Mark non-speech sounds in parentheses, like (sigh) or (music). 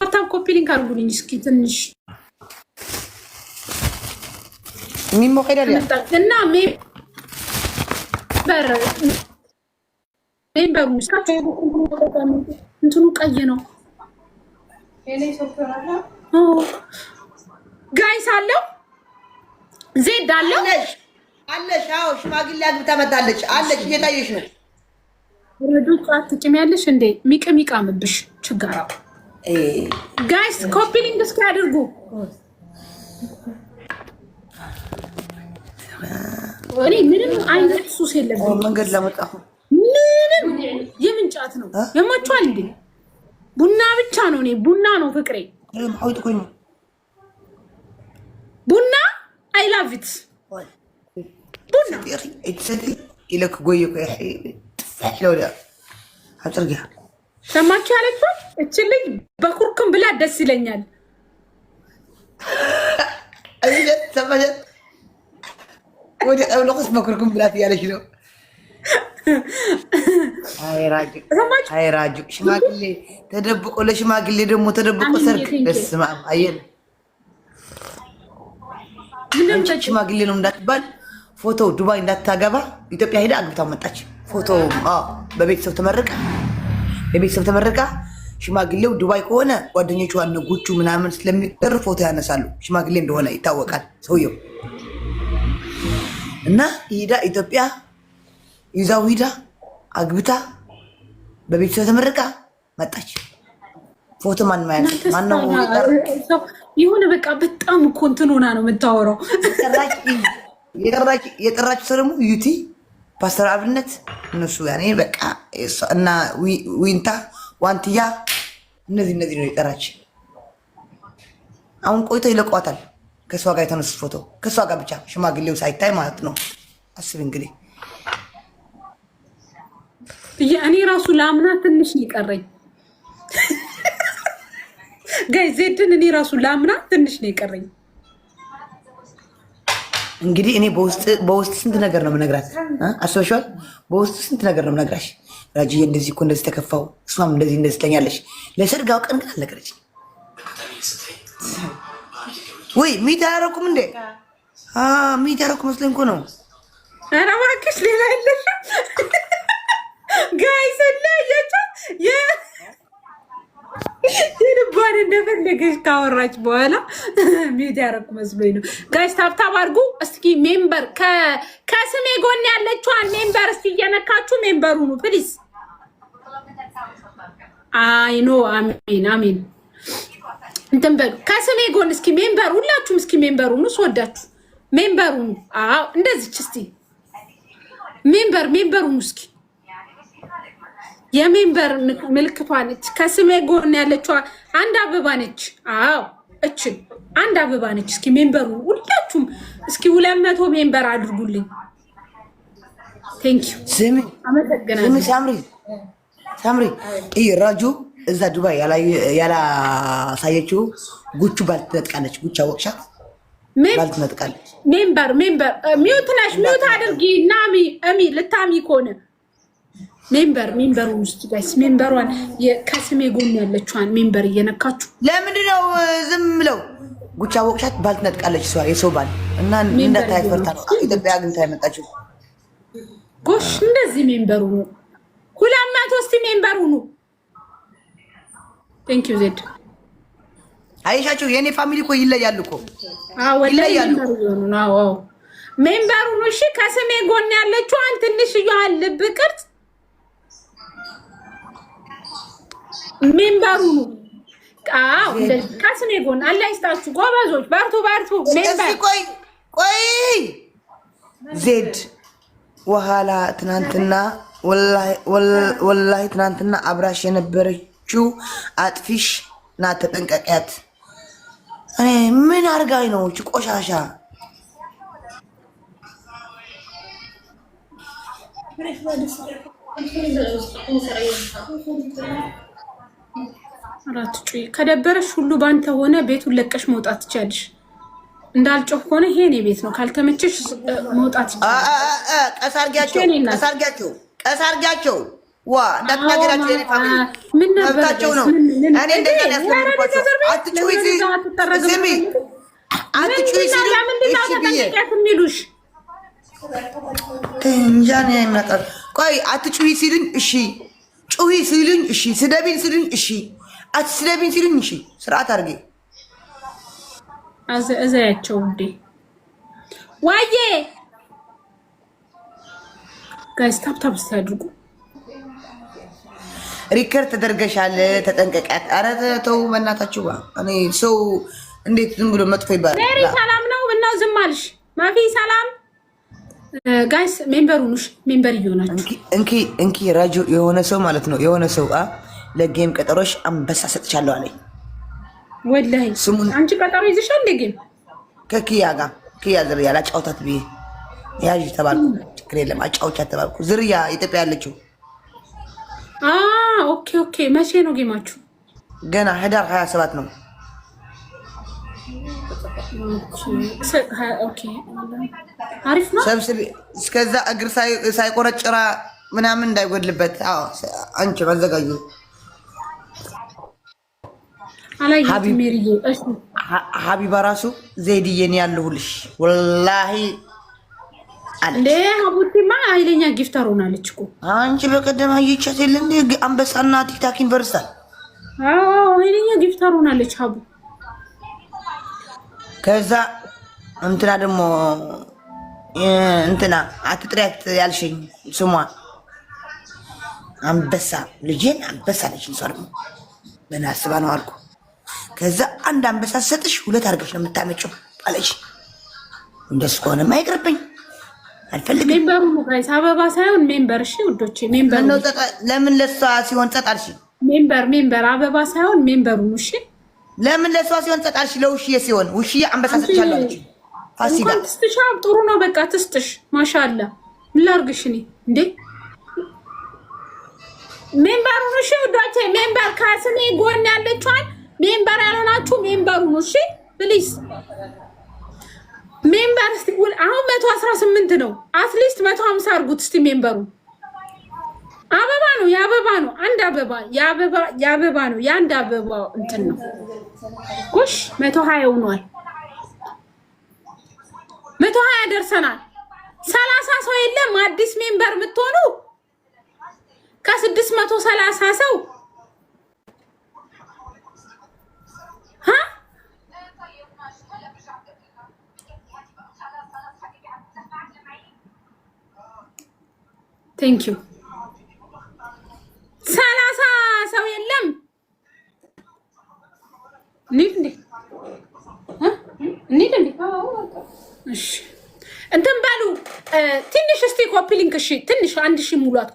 ሀብታም ኮፒ ሊንክ አድርጉልኝ እስኪ ትንሽ እና ሜምበሩ እንትኑ ቀይ ነው ጋይስ አለው ዜድ አለው አለሽ። አዎ ሽማግሌ አግብታ መጣለች አለች። እየታየሽ ነው ረዶ ጫት ትጭሚያለሽ እንዴ? ሚቅም ይቃምብሽ ችጋራ። ጋይስ ኮፒ እስኪ አድርጉ። እኔ ምንም አይነት ሱስ የለብኝም። መንገድ ለመጣሁ ምንም የምን ጫት ነው የማችኋል እንዴ? ቡና ብቻ ነው። እኔ ቡና ነው ፍቅሬ። ቡና አይ ላቭ ኢት ቡና አጭርጊያ ሰማችሁ ያለችው እች ልጅ በኩርኩም ብላ ደስ ይለኛል። ወደ ጠብለቁስ በኩርኩም ብላት እያለች ነው። አይ ራጁ ሽማግሌ ተደብቆ ለሽማግሌ ደግሞ ተደብቆ ሰርግ በስመ አብ አየን። ሽማግሌ ነው እንዳትባል ፎቶ ዱባይ እንዳታገባ ኢትዮጵያ ሄዳ አግብታ መጣች። ፎቶ በቤተሰብ ተመርቃ በቤተሰብ ተመርቃ ሽማግሌው ዱባይ ከሆነ ጓደኞቹ ዋነ ጉቹ ምናምን ስለሚጠር ፎቶ ያነሳሉ። ሽማግሌ እንደሆነ ይታወቃል ሰውየው እና ሂዳ ኢትዮጵያ ይዛው ሂዳ አግብታ በቤተሰብ ተመርቃ መጣች። ፎቶ ማን ማያት ማነው? የሆነ በቃ በጣም ኮንትን ሆና ነው የምታወራው። የጠራች ሰው ደግሞ ዩቲ ፓስተር አብነት እነሱ ያኔ በቃ እና ዊንታ ዋንትያ እነዚህ እነዚህ ነው የጠራች። አሁን ቆይቶ ይለቋታል። ከእሷ ጋር የተነሱ ፎቶ ከእሷ ጋር ብቻ ሽማግሌው ሳይታይ ማለት ነው። አስብ እንግዲህ እኔ ራሱ ለአምናት ትንሽ ይቀረኝ (laughs) ጋይ ዜድን እኔ ራሱ ለአምናት ትንሽ ነው የቀረኝ። እንግዲህ እኔ በውስጥ ስንት ነገር ነው ምነግራት፣ አስበሽዋል? በውስጥ ስንት ነገር ነው ምነግራሽ። ራጅዬ እንደዚህ እኮ እንደዚህ ተከፋው፣ እሷም እንደዚህ እንደዚህ ትለኛለሽ። ለሰርግ አውቀን ግን አልነገረች። ወይ ሚት አላደረኩም እንዴ? ሚት ያደረኩ መስለኝ እኮ ነው። ኧረ እባክሽ ሌላ የለሽም ጋይስ ላ ያቸው የልቧን እንደፈለገች ካወራች በኋላ ሚድ ያረኩ መስሎኝ ነው። ጋሽ ታብታብ አድርጉ እስኪ ሜምበር ከስሜ ጎን ያለችዋን ሜምበር እስኪ እየነካችሁ ሜምበሩ ነው ፕሊዝ። አሜን አሜን እንትን በሉ ከስሜ ጎን እስኪ ሜምበር ሁላችሁም እስኪ ሜምበሩ ነው ስወዳችሁ ሜምበሩ ነው። አዎ እንደዚች ሜምበር ሜምበሩ ነው እስኪ የሜምበር ምልክቷ ነች። ከስሜ ጎን ያለችዋ አንድ አበባ ነች። አዎ እችን አንድ አበባ ነች። እስኪ ሜምበሩ ሁላችሁም እስኪ ሁለት መቶ ሜምበር አድርጉልኝ። ቴንኪው ስሚ አመሰግናለሁ። ሳምሪ ሳምሪ ይህ ራጁ እዛ ዱባይ ያላሳየችው ጉቹ ባልትነጥቃለች። ጉቻ አወቅሻት? ባልትነጥቃለች ሜምበር ሜምበር ሚዩት ነሽ ሚዩት አድርጊ ናሚ እሚ ልታሚ ከሆነ ሜምበር ሜምበሩ ውስጥ ጋይስ ሜምበሯን ከስሜ ጎን ያለችዋን ሜምበር እየነካችሁ ለምንድን ነው ዝም ብለው? ጉቻ ወቅሻት ባል ትነጥቃለች እሷ የሰው ባል እና እንዳታያት ፈርታ ነው ኢትዮጵያ ግን የመጣችው። ጎሽ እንደዚህ ሜምበሩ ነው። ሁለት መቶ እስቲ ሜምበሩ ነው። ቴንክ ዩ ዜድ አይሻችሁ። የእኔ ፋሚሊ እኮ ይለያሉ እኮ ይለያሉ። ሜምበሩ ነው። እሺ ከስሜ ጎን ያለችዋን ትንሽ እያህል ልብ ቅርጽ ሜምበሩ ነው። አዎ ከስኔ ጎን አላህ ይስጣችሁ ጎበዞች፣ በርቱ በርቱ። ሜምበር ቆይ ቆይ ዜድ ወኋላ ትናንትና ወላሂ ትናንትና አብራሽ የነበረችው አጥፊሽ ና ተጠንቀቂያት። እኔ ምን አርጋኝ ነው እች ቆሻሻ? አራት ጩ ከደበረሽ ሁሉ ባንተ ሆነ። ቤቱን ለቀሽ መውጣት ትችያለሽ። እንዳልጮህ ከሆነ ይሄ እኔ ቤት ነው። ካልተመቸሽ መውጣት ቀስ አድርጊያቸው፣ ቀስ አድርጊያቸው፣ ቀስ አድርጊያቸው። ዋ እንዳትናገራቸው ምን ነው። እኔ እሺ ብዬ ቆይ እሺ ጩሂ ሲሉኝ እሺ፣ ስደቢን ሲሉኝ እሺ፣ አትስደቢን ሲሉኝ እሺ። ስርዓት አድርጌ እዛያቸው እንዴ ዋዬ ጋይስ ታብታብ ስታድርጉ ሪከርድ ተደርገሻል፣ ተጠንቀቂያት። ኧረ ተው በእናታችሁ። እኔ ሰው እንዴት ዝም ብሎ መጥፎ ይባላል? ሰላም ነው እና ዝም አልሽ ማፊ ሰላም ጋይስ ሜምበሩ ነሽ ሜምበር እየሆናችሁ እንኪ እንኪ ራጁ የሆነ ሰው ማለት ነው የሆነ ሰው ለጌም ቀጠሮሽ አንበሳ ሰጥቻለሁ አለኝ። ወላሂ ስሙን አንቺ ቀጠሮ ይዘሻል እንደ ጌም ከኪያ ጋር ኪያ ዝርያ ላጫውታት ብ ያዥ ተባልኩ። ችግር የለም አጫውቻት ተባልኩ። ዝርያ ኢትዮጵያ ያለችው ኦኬ ኦኬ። መቼ ነው ጌማችሁ? ገና ህዳር 27 ነው። አሪፍ ነው። እስከዛ እግር ሳይቆረጭ ምናምን እንዳይጎድልበት። አዎ አንቺ አዘጋጁ። ሀቢባ ራሱ ዘይድዬን ያለሁልሽ ወላሂ ሀቡቲማ ኃይለኛ ሆናለች እኮ አንቺ በቀደም አየቻት የለ አንበሳና ቲክታክ ዩኒቨርሳል ኃይለኛ ሆናለች ከዛ እንትና ደግሞ እንትና አትጥሪያት ያልሽኝ ስሟ አንበሳ ልጄን አንበሳ ልጅ ሰው ደግሞ ምን አስባ ነው አልኩ። ከዛ አንድ አንበሳ ሰጥሽ ሁለት አድርገሽ ነው የምታመጪው አለች። እንደሱ ከሆነማ ይቅርብኝ አልፈልግም። ሜምበሩ ሙጋይስ አበባ ሳይሆን ሜምበር። እሺ ውዶቼ ሜምበር ለምን ለሷ ሲሆን ጸጥ አልሽ? ሜምበር ሜምበር አበባ ሳይሆን ሜምበሩ ነው። እሺ ለምን ለእሷ ሲሆን ጸጣልሽ? ለውሽዬ ሲሆን ውሽዬ አንበሳ ሰጥቻለሁ ፋሲካ እንኳን ጥሩ ነው። በቃ ትስጥሽ። ማሻላ ምን ላድርግሽ እኔ እንዴ ሜምበር ሁኑ። እሺ ውዶቼ ሜምበር ከስሜ ጎን ያለችዋን ሜምበር ያልሆናችሁ ሜምበር ሁኑ። እሺ ፕሊዝ ሜምበር። አሁን መቶ አስራ ስምንት ነው። አትሊስት መቶ ሀምሳ አድርጉት እስቲ ሜምበሩን ነው የአበባ ነው። አንድ አበባ የአበባ ነው። የአንድ አበባ እንትን ነው። ጎሽ መቶ ሀያ ሆኗል። መቶ ሀያ ደርሰናል። ሰላሳ ሰው የለም አዲስ ሜምበር የምትሆኑ ከስድስት መቶ ሰላሳ ሰው ቴንክ ዩ ሰላሳ ሰው የለም። እንሂድ እንዴ እንሂድ እንዴ እሺ፣ እንትን በሉ ትንሽ እስቲ ኮፒ ሊንክ እሺ፣ ትንሽ አንድ ሺህ ሙሏት።